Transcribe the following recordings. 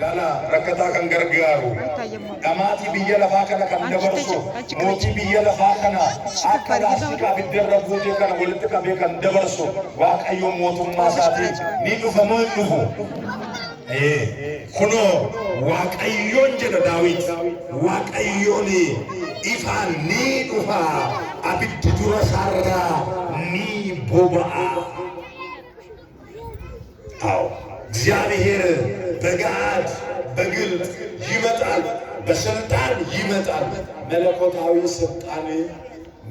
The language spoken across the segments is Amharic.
Lala rakkataa kan gargaaru dhamaatii biyya lafaa kana kan dabarsu mootii biyya lafaa kana akka laastika abiddarra guutee kana walitti qabee kan dabarsu waaqayyoon mootummaa isaatii ni dhufamu hin dhufu. Kunoo waaqayyoon jedha Daawit waaqayyoon ifaan ni dhufa abiddi dura isaarraa ni boba'a. እግዚአብሔር በገሃድ በግልጥ ይመጣል፣ በስልጣን ይመጣል። መለኮታዊ ስልጣን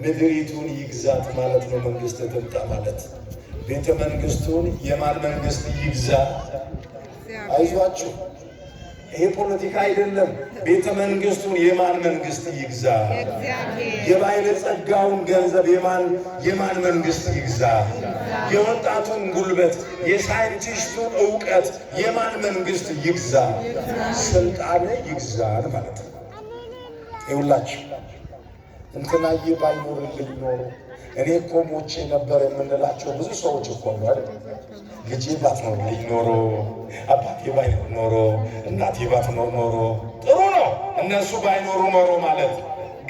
ምድሪቱን ይግዛት ማለት ነው። መንግስት ትምጣ ማለት ቤተ መንግስቱን የማን መንግስት ይግዛ? አይዟችሁ ይሄ ፖለቲካ አይደለም። ቤተ መንግስቱን የማን መንግስት ይግዛ? የባይለ ጸጋውን ገንዘብ የማን የማን መንግስት ይግዛ? የወጣቱን ጉልበት፣ የሳይንቲስቱ እውቀት የማን መንግስት ይግዛ? ስልጣን ይግዛል ማለት ነው። ይሁላችሁ እንትናዬ ባይኖርልኝ ኖሮ እኔ እኮ ሞቼ ነበር የምንላቸው ብዙ ሰዎች እኮ ነው ልጄ ባትኖርልኝ ኖሮ አባቴ ባይኖር ኖሮ እናቴ ባትኖር ኖሮ ጥሩ ነው። እነሱ ባይኖሩ ኖሮ ማለት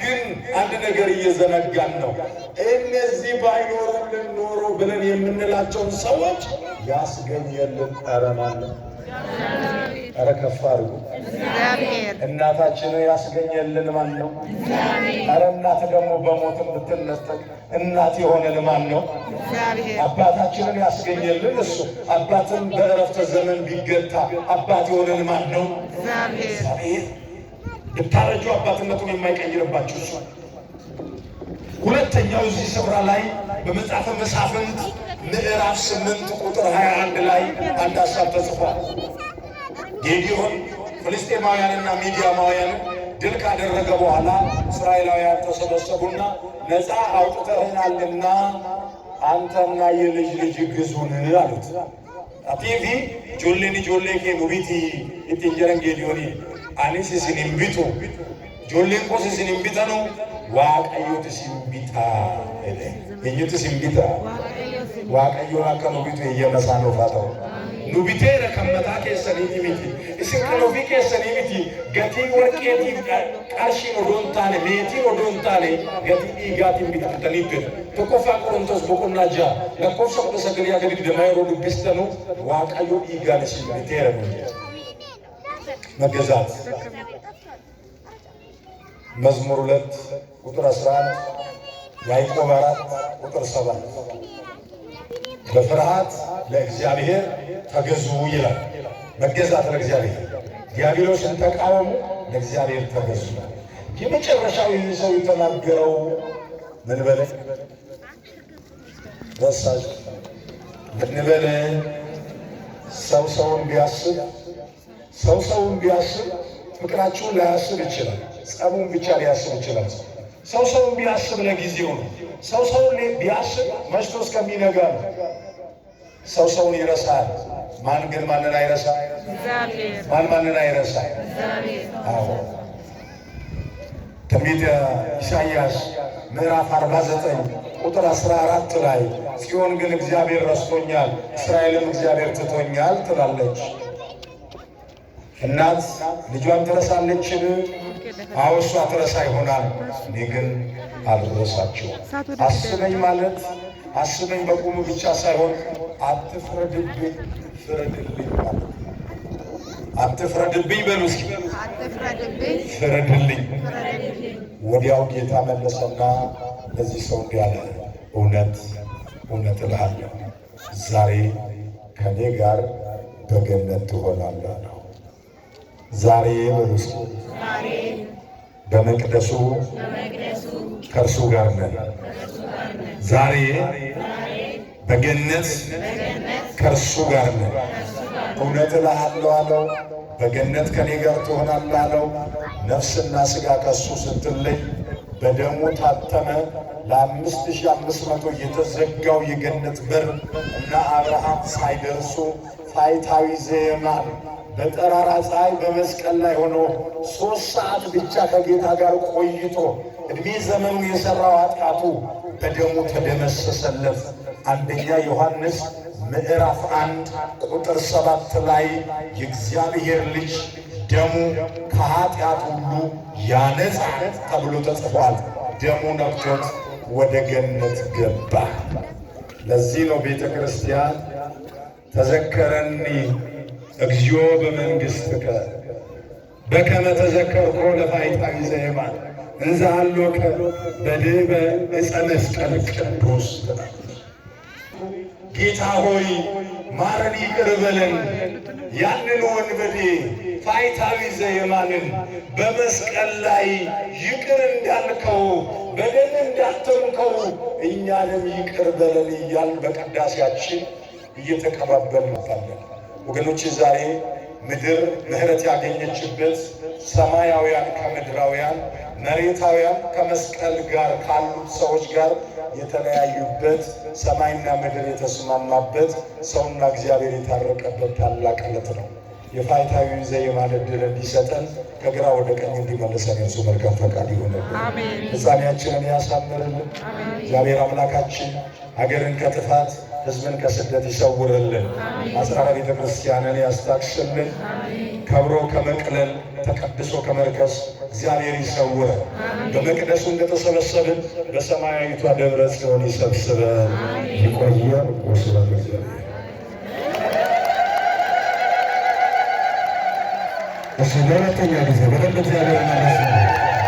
ግን አንድ ነገር እየዘነጋን ነው። እነዚህ ባይኖሩልን ኖሮ ብለን የምንላቸውን ሰዎች ያስገኘልን ጠረማለን ኧረ ከፍ አድርጉ። እናታችንን ያስገኘልን ማን ነው? ኧረ እናት ደግሞ በሞት ብትነጠቅ እናት የሆነን ማን ነው? አባታችንን ያስገኘልን እሱ። አባትን በእረፍተ ዘመን ቢገታ አባት የሆነን ማን ነው? እግዚአብሔር። ብታረጁ አባትነቱን የማይቀይርባችሁ እሱ። ሁለተኛው እዚህ ስፍራ ላይ በመጽሐፈ መሳፍንት ምዕራፍ ስምንት ቁጥር 21 ላይ አንድ ሀሳብ ተጽፏል። ጌዲዮን ፍልስጤማውያንና ሚዲያማውያን ድል ካደረገ በኋላ እስራኤላውያን ተሰበሰቡና ነፃ አውጥተህናልና አንተና የልጅ ልጅ ግዙን አሉት። አቲቪ ጆሌኒ ጆሌ ኬ ሙቢቲ ኢትንጀረን ጌዲዮኒ አኒስ ሲንቢቱ ጆሌን ቆስ ሲንምቢተ ነው ዋቀዮት ሲንቢታ ሄደ ሲንቢታ ሲንቢጣ ዋቀዮ አከ ሙቢቱ እየመሳ ነው ፋተው nu biteera kan mataa keessaniiti miti. Isin kan ofii keessanii miti. Gatii warqeetiif qarshiin odoo hin taane, meetiin odoo hin taane, gatii dhiigaatiin bitattanii bira. Tokkoffaa Qorontos boqonnaa ja'a lakkoofsa kudha sagalii akka digdamaa yeroo dubbistanu Waaqayyo dhiigaan isin biteera nuti. መገዛት መዝሙር ሁለት ቁጥር አስራ አንድ ያዕቆብ አራት ቁጥር ሰባት በፍርሃት ለእግዚአብሔር ተገዙ ይላል። መገዛት ለእግዚአብሔር ዲያብሎስን ተቃወሙ፣ ለእግዚአብሔር ተገዙ። የመጨረሻው ይህ ሰው የተናገረው ምን በለ ረሳጭ ምን በለ ሰው ሰውን ቢያስብ ሰው ሰውን ቢያስብ ፍቅራችሁን ላያስብ ይችላል፣ ጸቡን ብቻ ሊያስብ ይችላል። ሰው ሰውን ቢያስብ ለጊዜው ነው። ሰው ሰውን ቢያስብ መሽቶ እስከሚነጋ ነው። ሰው ሰውን ይረሳል። ማን ግን ማንን አይረሳ? ማን ማንን አይረሳ? አዎ ትንቢተ ኢሳይያስ ምዕራፍ 49 ቁጥር 14 ላይ ጽዮን ግን እግዚአብሔር ረስቶኛል፣ እስራኤልም እግዚአብሔር ትቶኛል ትላለች። እናት ልጇን ትረሳለችን? አዎ እሷ ትረሳ ይሆናል፣ እኔ ግን አልረሳቸው። አስበኝ ማለት አስበኝ በቁሙ ብቻ ሳይሆን አትፍረድብኝ፣ ፍረድልኝ ማለት አትፍረድብኝ በሉ እስኪ ፍረድልኝ። ወዲያው ጌታ መለሰና በዚህ ሰው እንዲህ አለ፣ እውነት እውነት እልሃለሁ ዛሬ ከእኔ ጋር በገነት ትሆናለህ ነው ዛሬ በመቅደሱ ከእርሱ ጋር ነን። ዛሬ በገነት ከእርሱ ጋር ነን። እውነት እልሃለሁ አለው፣ በገነት ከኔ ጋር ትሆናለህ አለው። ነፍስና ስጋ ከእሱ ስትለይ በደሙ ታተመ። ለአምስት ሺህ አምስት መቶ የተዘጋው የገነት በር እና አብርሃም ሳይደርሱ ፋይታዊ ዜማ በጠራራ ፀሐይ በመስቀል ላይ ሆኖ ሦስት ሰዓት ብቻ ከጌታ ጋር ቆይቶ እድሜ ዘመኑ የሠራው ኃጢአቱ በደሙ ተደመሰሰለት። አንደኛ ዮሐንስ ምዕራፍ አንድ ቁጥር ሰባት ላይ የእግዚአብሔር ልጅ ደሙ ከኃጢአት ሁሉ ያነጻል ተብሎ ተጽፏል። ደሙ ነክቶት ወደ ገነት ገባ። ለዚህ ነው ቤተ ክርስቲያን ተዘከረኒ እግዚኦ በመንግሥትከ በከመ ተዘከርኮ ለፋይታ ጊዜ የማን እንዘ ሀሎከ በድኅበ ዕፀ መስቀል ቅዱስ ጌታ ሆይ ማረን፣ ይቅር በለን። ያንን ወንበዴ ፋይታዊ ዘየማንን በመስቀል ላይ ይቅር እንዳልከው በደል እንዳተምከው እኛንም ይቅር በለን እያልን በቅዳሴያችን እየተቀባበል እንታለን። ወገኖች ዛሬ ምድር ምህረት ያገኘችበት ሰማያውያን ከምድራውያን መሬታውያን ከመስቀል ጋር ካሉት ሰዎች ጋር የተለያዩበት ሰማይና ምድር የተስማማበት ሰውና እግዚአብሔር የታረቀበት ታላቅ ዕለት ነው። የፋይታዊ ዘየማለት ድል እንዲሰጠን ከግራ ወደ ቀኝ እንዲመለሰን እርሱ መልካም ፈቃድ ይሆንልን። ፍጻሜያችንን ያሳምርልን። እግዚአብሔር አምላካችን ሀገርን ከጥፋት ህዝብን ከስደት ይሰውርልን፣ አጽራረ ቤተ ክርስቲያንን ያስታቅስልን፣ ከብሮ ከመቅለል ተቀድሶ ከመርከስ እግዚአብሔር ይሰውር። በመቅደሱ እንደተሰበሰብን በሰማያዊቷ ደብረ ጽዮን ይሰብስበን። ይቆየ ወስብሐት ለእግዚአብሔር። እሺ፣ ለሁለተኛ ጊዜ በደንብ እግዚአብሔር መለስ ነው።